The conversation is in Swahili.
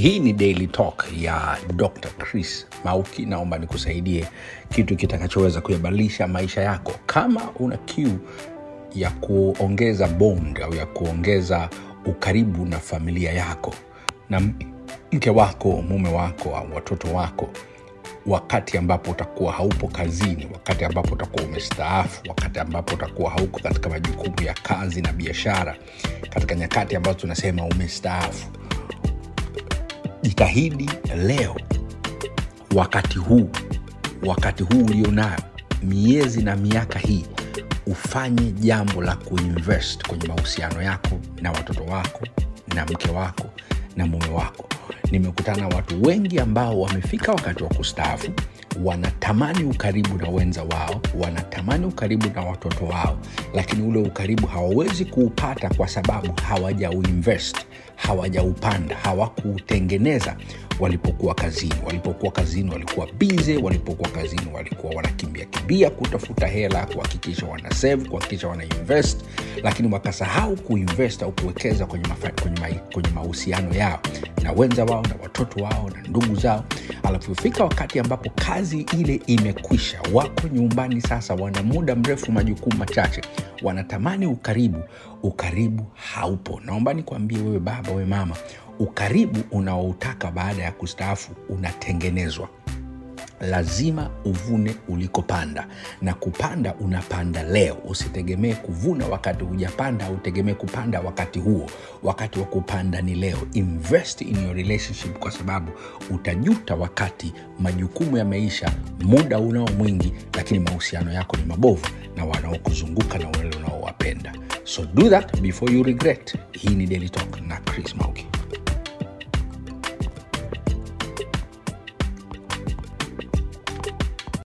hii ni daily talk ya dr chris mauki naomba nikusaidie kitu kitakachoweza kuyabadilisha maisha yako kama una kiu ya kuongeza bond au ya kuongeza ukaribu na familia yako na mke wako mume wako au watoto wako wakati ambapo utakuwa haupo kazini wakati ambapo utakuwa umestaafu wakati ambapo utakuwa hauko katika majukumu ya kazi na biashara katika nyakati ambazo tunasema umestaafu jitahidi leo, wakati huu, wakati huu ulionayo, miezi na miaka hii, ufanye jambo la kuinvest kwenye mahusiano yako na watoto wako na mke wako na mume wako. Nimekutana na watu wengi ambao wamefika wakati wa kustaafu, wanatamani ukaribu na wenza wao, wanatamani ukaribu na watoto wao, lakini ule ukaribu hawawezi kuupata kwa sababu hawajauinvest hawajaupanda hawakuutengeneza walipokuwa kazini walipokuwa kazini walikuwa bize walipokuwa kazini walikuwa wanakimbia kimbia kutafuta hela kuhakikisha wana save kuhakikisha wana invest lakini wakasahau kuinvest au kuwekeza kwenye, kwenye, ma, kwenye mahusiano yao na wenza wao na watoto wao na ndugu zao alapofika wakati ambapo kazi ile imekwisha wako nyumbani sasa wana muda mrefu majukumu machache wanatamani ukaribu ukaribu haupo naomba nikwambie wewe baba kwamba we mama ukaribu unaoutaka baada ya kustaafu unatengenezwa lazima uvune ulikopanda, na kupanda unapanda leo. Usitegemee kuvuna wakati hujapanda, utegemee kupanda wakati huo. Wakati wa kupanda ni leo. Invest in your relationship, kwa sababu utajuta wakati majukumu ya maisha, muda unao mwingi, lakini mahusiano yako ni mabovu na wanaokuzunguka na wale unaowapenda. So do that before you regret. Hii ni Daily na Chris Mauki.